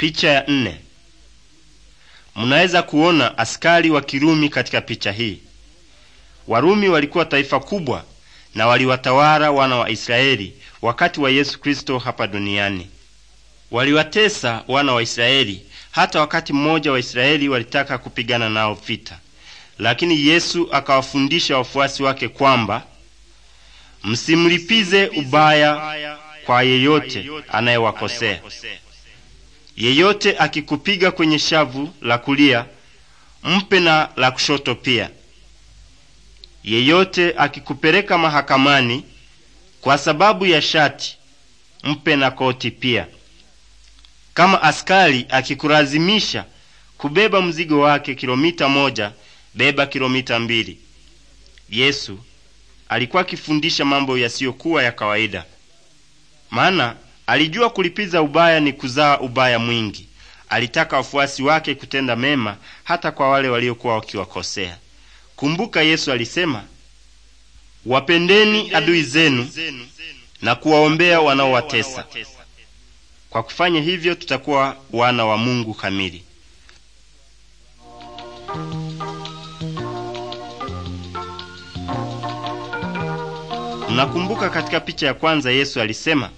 Picha ya nne. Mnaweza kuona askari wa Kirumi katika picha hii. Warumi walikuwa taifa kubwa na waliwatawala wana wa Israeli wakati wa Yesu Kristo hapa duniani. Waliwatesa wana wa Israeli hata wakati mmoja Waisraeli walitaka kupigana nao vita. Lakini Yesu akawafundisha wafuasi wake kwamba msimlipize ubaya kwa yeyote anayewakosea. Yeyote akikupiga kwenye shavu la kulia, mpe na la kushoto pia. Yeyote akikupeleka mahakamani kwa sababu ya shati, mpe na koti pia. Kama askari akikulazimisha kubeba mzigo wake kilomita moja, beba kilomita mbili. Yesu alikuwa akifundisha mambo yasiyokuwa ya kawaida, maana Alijua kulipiza ubaya ni kuzaa ubaya mwingi. Alitaka wafuasi wake kutenda mema hata kwa wale waliokuwa wakiwakosea. Kumbuka Yesu alisema, wapendeni adui zenu na kuwaombea wanaowatesa. Kwa kufanya hivyo, tutakuwa wana wa Mungu kamili. Nakumbuka katika picha ya kwanza Yesu alisema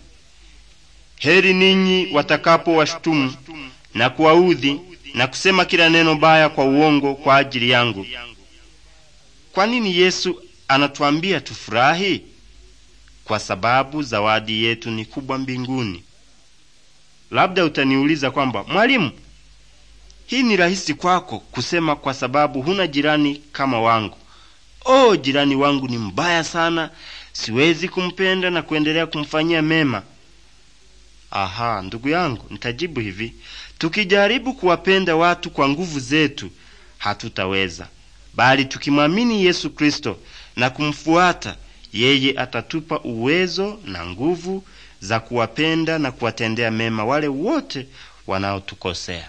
Heri ninyi watakapowashutumu na kuwaudhi na kusema kila neno baya kwa uongo kwa ajili yangu. Kwa nini Yesu anatuambia tufurahi? Kwa sababu zawadi yetu ni kubwa mbinguni. Labda utaniuliza kwamba mwalimu, hii ni rahisi kwako kusema kwa sababu huna jirani kama wangu. Oh, jirani wangu ni mbaya sana, siwezi kumpenda na kuendelea kumfanyia mema. Aha, ndugu yangu, nitajibu hivi: tukijaribu kuwapenda watu kwa nguvu zetu hatutaweza, bali tukimwamini Yesu Kristo na kumfuata yeye, atatupa uwezo na nguvu za kuwapenda na kuwatendea mema wale wote wanaotukosea.